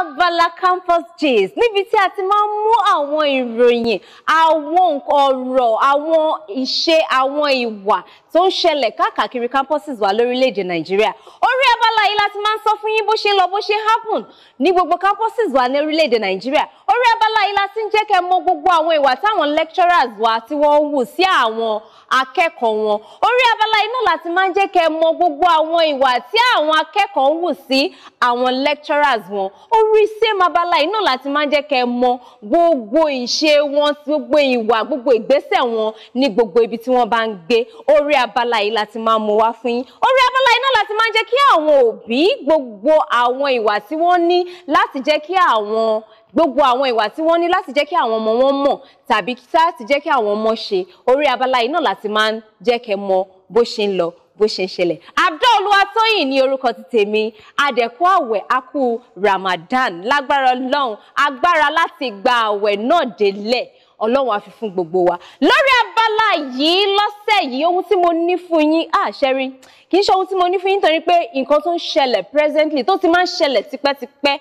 abala campus gist níbi tí a ti máa ń mú àwọn ìròyìn àwọn ọ̀rọ̀ àwọn ìṣe àwọn ìwà tó ń ṣẹlẹ̀ káàkiri campuses wa lórílẹ̀‐èdè nàìjíríà orí abala yìí la ti máa ń sọ fún yín bó ṣe lọ bó ṣe happen ní gbogbo campuses wa ní orílẹ̀‐èdè nàìjíríà orí abala yìí la ti ń jẹ́ kẹ́ mọ gbogbo àwọn ìwà táwọn lecturers wa tí wọ́n ń wù sí àwọn akẹ́kọ̀ọ́ wọn orí abala yìí náà la ti máa ń jẹ́ kẹ́ mọ gbogbo àwọn ìwà tí àwọn akẹ́kọ̀ọ́ wù sí àwọn lecturers wọn orí same abala yìí náà la ti máa ń jẹ́ kẹ́ mọ gbogbo ìṣe wọn gbogbo ìwà gbogbo ìgbésẹ̀ wọn ní gbogbo ibi tí wọ́n bá ń gbé orí abala yìí la ti máa mú wá fún yín orí abala yìí náà la máa ń jẹ́ kí àwọn òbí gbogbo àwọn ìwà tí wọ́n ní láti jẹ́ kí àwọn gbogbo àwọn ìwà tí wọ́n ní láti jẹ́ kí àwọn ọmọ wọn mọ̀ tàbí láti jẹ́ kí àwọn ọmọ ṣe orí abala yìí náà láti máa ń jẹ́ kẹ́ mọ̀ bó ṣe ń lọ bó ṣe ń ṣẹlẹ̀. Abdulwatoyin ní orúkọ ti tèmi adẹ̀kú àwẹ̀ akú Ramadan lágbára ọlọ́run agbára láti gba àwẹ̀ náà délẹ̀ ọlọ́run á fi fún gbogbo wa. lórí abala yìí lọ́sẹ̀ yìí ohun tí mo ní fún yín àṣẹrí kì í ṣe ohun tí mo ní fún yín torí pé nǹkan tó ń ṣẹlẹ̀ presently tó ti máa ń ṣẹlẹ̀ tipẹ́tipẹ́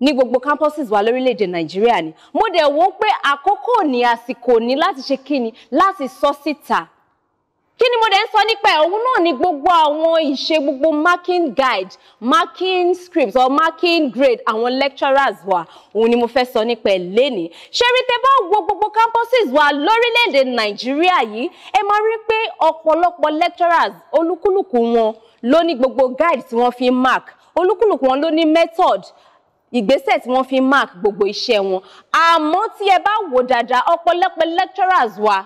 ní gbogbo campuses wa lórílẹ̀‐èdè nàìjíríà ni mo dẹ̀ wò ó pé àkókò ní àsìkò ní láti ṣe kíni láti sọ síta kí ni mo dẹ̀ ń sọ nípa ẹ̀ òun náà ni gbogbo àwọn ìṣe gbogbo marking guide marking scripts or marking grade àwọn lecturers wa òun ni mo fẹ́ sọ nípa ẹ̀ lénìí ṣé rí tẹ́ wo gbogbo campuses wa lórílẹ̀‐èdè nàìjíríà yìí ẹ máa rí pé ọ̀pọ̀lọpọ̀ lecturers olúkúlùkù wọn ló ní gbogbo guide tí wọ́n fi mark olúkúlùkù wọn ló ní method ìgbésẹ̀ tí wọ́n fi mark gbogbo iṣẹ́ wọn àmọ́ tí ẹ bá wò dáadáa ọ̀pọ̀lọpọ̀ lecturers wa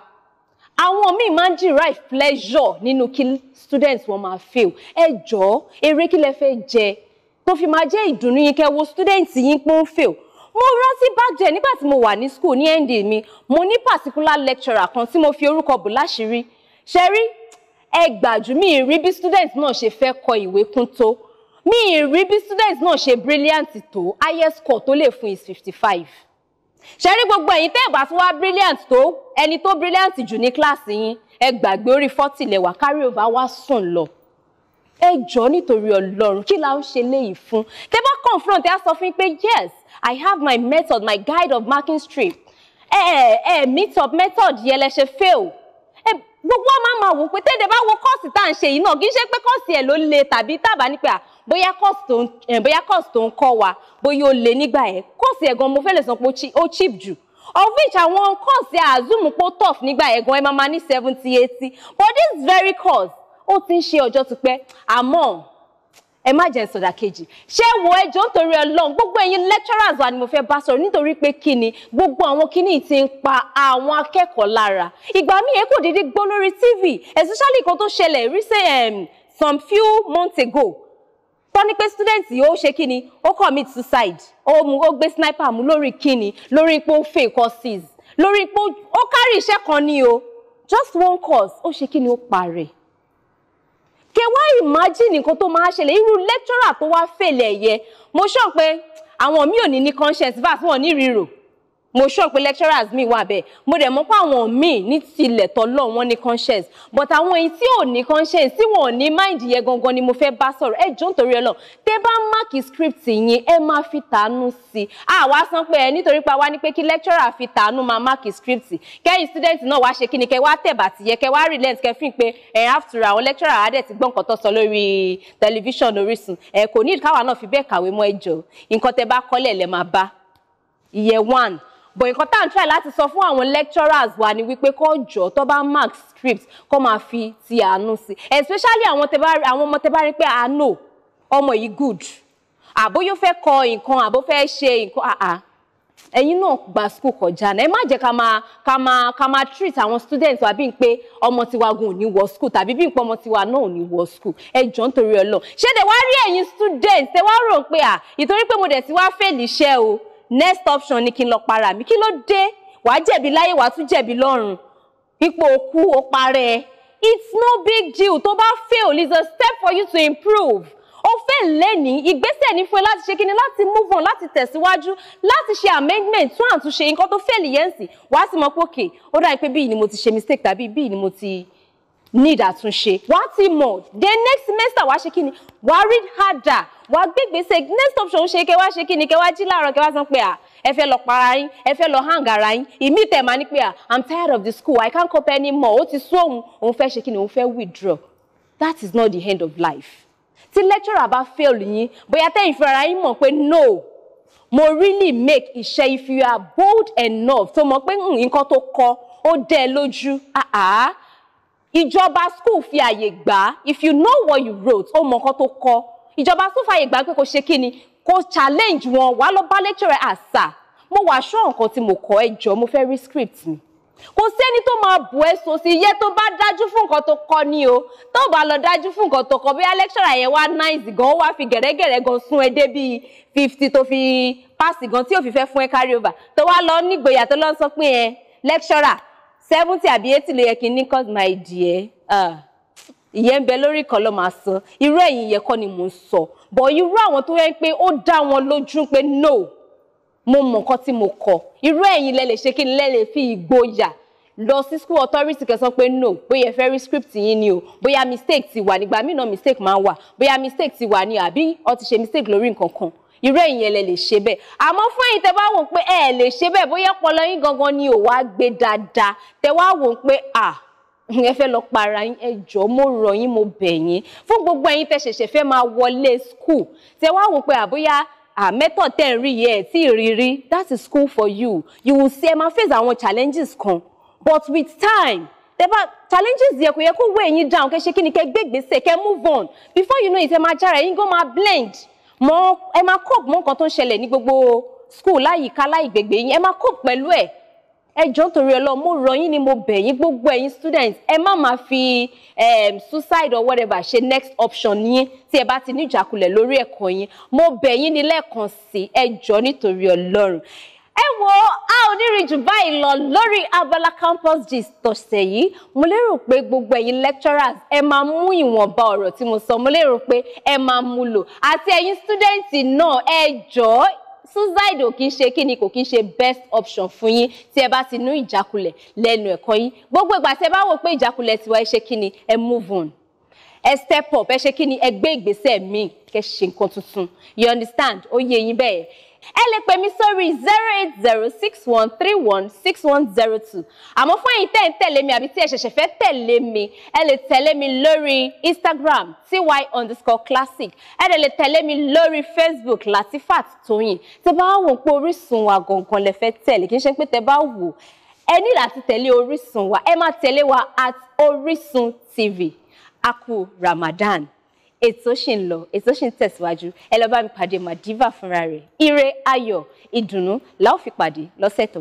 àwọn míì máa ń derive pleasure nínú kí students wọn máa fail ẹ jọ̀ọ́ eré kí lẹ fẹ́ jẹ tó fi máa jẹ́ ìdùnnú yín kẹ́ wo students yín pé ń fail mo rántí bàjẹ́ nígbà tí mo wà ní school ní ND mi mo ní particular lecturer kan tí mo fi orúkọ bò láṣìírí ṣe rí ẹ gbàjú mi rí bí student náà ṣe fẹ́ kọ ìwé kún tó mi ì rí bí students náà ṣe brilliant tó highest score tó lè fún is fifty five ṣe rí gbogbo ẹ̀yin tẹ́ ẹ̀ bá tún wá brilliant tó ẹni tó brilliant jù ní kíláàsì yín ẹ gbàgbé orí forty lẹ́wà carry over wá sùn lọ ẹ jọ̀ọ́ nítorí Ọlọ́run kí la ń ṣe léyìí fún tẹ́ bá confront ẹ á sọ fún pé yes i have my method my guide of marking strip ẹ ẹ meet up method yẹn lẹ ṣe fail gbogbo ọmọ àmọ́ wò pé tẹ́lẹ̀ bá wo kọ́ọ̀sì tá à ń ṣe yìí náà kì í ṣe pé kọ́ọ̀sì ẹ̀ ló le tàbí tàbá ní pé à bóyá kọ́ọ̀sì tó ń kọ́ wa bóyá ó le nígbà ẹ̀ kọ́ọ̀sì ẹ̀ gan mo fẹ́ lè sọ pé ó cheap jù of which àwọn kọ́ọ̀sì àzùmù pó tough nígbà ẹ̀ gan ẹ̀ máa ma ní seventy eighty but this very course ó ti ń ṣe ọjọ́ tipẹ́ àmọ́ ẹ má jẹ́ sọ̀dà kejì ṣé wo ẹjọ́ nítorí ọlọ́run gbogbo ẹ̀yin lecturers wa ni mo fẹ́ bá sọ̀rọ̀ nítorí pé kíni gbogbo àwọn kíní ti ń pa àwọn akẹ́kọ̀ọ́ lára ìgbà míì èkó dídí gbó lórí tv especially nǹkan tó ṣẹlẹ̀ recent um, some few months ago tọ́ni pé student ó ṣe kíni ó commit suicide ó mu ó gbé sniper mú lórí kíni lórí pé ó fẹ́ courses lórí pé ó kárí iṣẹ́ kan ni o just one course ó ṣe kíni ó parẹ́ kẹ wá imagine nǹkan tó máa ṣẹlẹ̀ irú lecturer tó wá fèlè yẹ mo sọ pé àwọn míì ò ní ní conscience bá àti wọn ní rírò mo sọ pé lecturers mi wà bẹ́ẹ̀ mo dẹ̀ mọ̀ pé àwọn míì ní tilẹ̀ tọ́lọ̀ wọn ní conscience but àwọn èyí tí ò ní conscience tí wọn ò mind yẹn gangan ni mo fẹ́ bá sọ̀rọ̀ ẹ jọ̀ọ́ nítorí Ọlọ́run tẹ́ bá mark script yín ẹ máa fi tàánú sí i àwa san pé ẹ nítorí pé àwa ní pé lecturer fi tàánú máa mark script kẹ́yìn student náà wá ṣe kí ni kẹ́ wá tẹ̀bà ti yẹ kẹ́ wá relent kẹ́ fi pé ẹ after àwọn lecturer àádẹ́ ti gbọ́ nǹkan tó sọ lórí tẹlifíṣàn e ẹ kò ní káwa náà fi bẹ́ẹ̀ kàwé mọ́ ẹ jọ̀ọ́ nǹkan tẹ́ bá kọ́lẹ̀ lẹ́ máa bá ìyẹn one but nǹkan tá à ń try láti sọ fún àwọn lecturers wa ni wípé kó jọ tó bá mark script kó máa fi ti àánú sí especially àwọn ọmọ tẹ bá rí pé àánú ah, ọmọ yìí good àbóyó fẹ́ kọ nǹkan àbó fẹ́ ṣe nǹkan àá ah, ah. ẹ̀yin náà gba school kọjá náà ẹ má jẹ́ ká máa ká máa ká máa treat àwọn students wa bí n pé ọmọ tiwa gan ò ní wọ school tàbí bí n pé ọmọ tiwa náà ò ní wọ school ẹ jọ nítorí Ọlọ́run ṣé tẹ wá rí ẹ̀yin students tẹ wá rò pé à ìtorí pé mo dẹ̀ ti wá fail iṣẹ́ o next option ni kí n lọ para mi kí ló dé wàá jẹ̀bi láyé wàá tún jẹ̀bi lọ́run ipò òkú ó parẹ́ it's no big deal tó bá fail is a step for you to improve ó fe lẹ́ni ìgbésẹ̀ ní fún ẹ láti ṣe kíni láti move on láti tẹ̀síwájú láti ṣe amendment tún àtúnṣe nǹkan tó fẹ́ẹ̀lì yẹn sì wàá sì mọ̀ pé òkè ó dáa pé bíi ni mo ti ṣe mistake tabi, bi ni mo ti need àtúnṣe wà á ti mọ̀ then next semester wà á ṣe kí ni wà á read harder wà á next option ṣe kẹ wá ṣe kí ni kẹ wá jí láàárọ̀ kẹ wá sọ pé à ẹ fẹ́ lọ para yín ẹ fẹ́ lọ hang ara yín ìmí tẹ̀ máa ní pé à i'm tired of the school i can't cope anymore ó ti sú òun òun fẹ́ ṣe kí ni òun fẹ́ withdraw that is not the end of life tí lecturer bá fail yín bóyá tẹ́yìn fúnra yín mọ̀ pé no mo really make iṣẹ́ if you are bold enough tó mọ̀ pé hmm, nǹkan tó kọ ó dẹ́ lójú ah ah ìjọba school fi àyè gbà if you know what you wrote ó mọ nǹkan tó kọ ìjọba school fàyè gbà pé kò ṣe kí ni kò challenge wọn wàá lọ bá lecturer àṣà ah, mo wàá ṣọ́ nǹkan tí mo kọ ẹ mo fẹ́ rí script mi kò sẹ́ni tó máa bù ẹ́ sọ sí iye tó bá dájú fún nǹkan tó kọ ni o tó bá lọ dájú fún nǹkan tó kọ bí lecturer yẹn wá náìsì gan ó wá fi gẹ̀rẹ́gẹ̀rẹ́ gan sún ẹ dé bíi fifty tó fi pass gan tí ò fi fẹ́ fún ẹ carry over tó wá lọ nígboyà tó lọ sọ pé ẹ lecturer seventy àbí eighty ló yẹ kí n ní cause my dear ìyẹn ń bẹ lórí kan ló máa san irú ẹ̀yìn yẹn kọ́ ni mò ń sọ bọ̀ irú àwọn tó yẹ pé ó dá wọn lójú pé no mo mọ̀ nǹkan tí mo kọ irú ẹ̀yìn lẹ lè ṣe kí n lẹ lè fi ìgboyà lọ sí school authority kẹsàn pé no bóyá fẹ́ rí script yín ni o bóyá mistake ti wà nígbà míì náà mistake máa ń wà bóyá mistake ti wà ni àbí o ti ṣe mistake lórí nǹkan kan irú ẹ̀yin lẹ lè ṣe bẹ́ẹ̀ àmọ́ fún ẹ̀yin tẹ bá wò pé ẹ lè ṣe bẹ́ẹ̀ bóyá ọpọlọ yín gangan ni ò wá gbé dáadáa tẹ wá wò pé à ẹ fẹ́ lọ para yín ẹ jọ̀ọ́ mo rọ̀ yín mo bẹ̀ yín fún gbogbo ẹ̀yin tẹ ṣẹ̀ṣẹ̀ fẹ́ máa wọlé school tẹ wá wò pé àbóyá àmẹ́tọ̀ tẹ̀ ń rí yẹ ẹ̀ tí ì rí rí that is school for you you will see ẹ máa face àwọn challenges kan but with time tẹ́bá challenges yẹ kò yẹ kó wé yín down kẹ́ ṣe kí ni kẹ́ gbégbèsè kẹ́ move on before you know it ẹ máa jára yín gan máa blend mọ ẹ máa cope mọ nǹkan tó ń ṣẹlẹ̀ ní gbogbo school láyìíká láìgbègbè yín ẹ máa cope pẹ̀lú ẹ̀ ẹ jọ̀ọ́ nítorí Ọlọ́run mo rọ̀ yín ni mo bẹ̀ yín gbogbo ẹ̀yin students ẹ má máa fi um, suicide or whatever ṣe next option yín tí ẹ bá ti ní ìjákulẹ̀ lórí ẹ̀kọ́ yín mo bẹ̀ yín ni lẹ́ẹ̀kan sí ẹ jọ̀ọ́ nítorí Ọlọ́run ẹ wo a ò jù báyìí lọ lórí abala campus gist tọ̀sẹ̀ yìí mo lérò pé gbogbo ẹ̀yin lecturers ẹ máa mú ìwọ̀nba ọ̀rọ̀ tí mo sọ mo lérò pé ẹ máa mú lò àti ẹ̀yin student náà ẹ jọ̀ọ́ suicide ò kìí ṣe kíni kò kìí ṣe best option fún yín tí ẹ bá ti ní ìjákulẹ̀ lẹ́nu ẹ̀kọ́ yín gbogbo ìgbà tí ẹ bá wò pé ìjákulẹ̀ tiwa ẹ ṣe kíni ẹ move on ẹ step up ẹ ṣe ni ẹ gbé ìgbésẹ̀ míì kẹ́ ṣe nǹkan tuntun you understand ó yé yín bẹ́ẹ̀ ẹ lè pè mí sórí zero eight zero six one three one six one zero two àmọ́ fún ẹ̀yin tẹ́ tẹ̀lé mi àbí tí ẹ ṣẹ̀ṣẹ̀ fẹ́ tẹ̀lé mi ẹ lè tẹ̀lé mi lórí Instagram ty underscore classic ẹ dẹ̀ lè tẹ̀lé mi lórí Facebook Latifat Tóyìn tẹ́ bá wò pé Orísun wa gangan lẹ fẹ́ tẹ̀lé kì í ṣe pé tẹ́ bá wò ẹ ní láti tẹ̀lé Orísun wa ẹ máa tẹ̀lé wa at Orísun TV Aku Ramadan ètò ṣì ń lọ ètò ṣì ń tẹ̀síwájú ẹ lọ bá mi pàdé madiva fúnra rẹ̀ ire ayọ̀ ìdùnnú la ó fi pàdé lọ́sẹ̀ tó